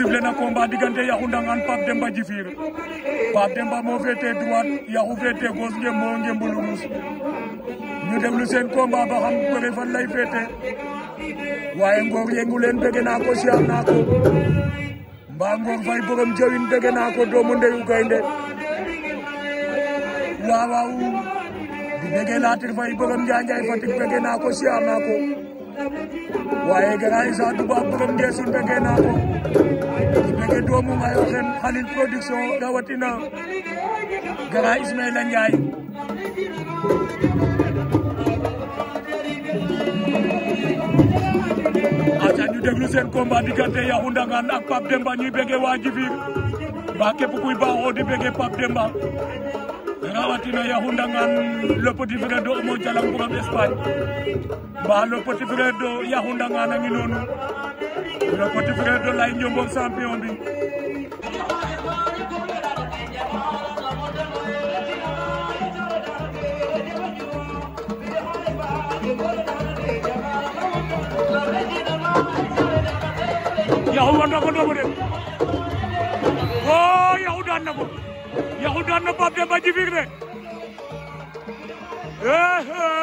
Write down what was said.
sifflé na combat diggante Yakhou Ndangaan Pape Demba Djifir Pape Demba moo féetee droite Yakhou féetee gauche ngeen moo ngeen bu lumus ñu déglu seen combat ba xam bëre fan lay féete waaye Ngor yëngu leen naa ko siyaar naa ko mbaa Ngor fay borom jawin bëgg naa ko doomu ndeyu gaynde waaw waaw di bëgg laatir fay borom njaanjaay Fatick bëgg naa ko siyaar naa ko waaye Grand Issa Touba borom ngeesin bëgg naa ko doomu Ngayo Xene Khalil production rawatina Grand Ismaïla Ndiaye aca ñu déglu seen combat diggante ak Pape Demba ñuy bëgg waa Jifir ba képp kuy di bëgg Pape Demba rawatina yahunda ngan le petit frère do mo jalam ko am espagne ba le petit frère do yahunda ngan ngi nonu le petit frère do lay ñombom champion bi yahu wanda ko do mo daan na Pape Demba Djifiir de eh, eh.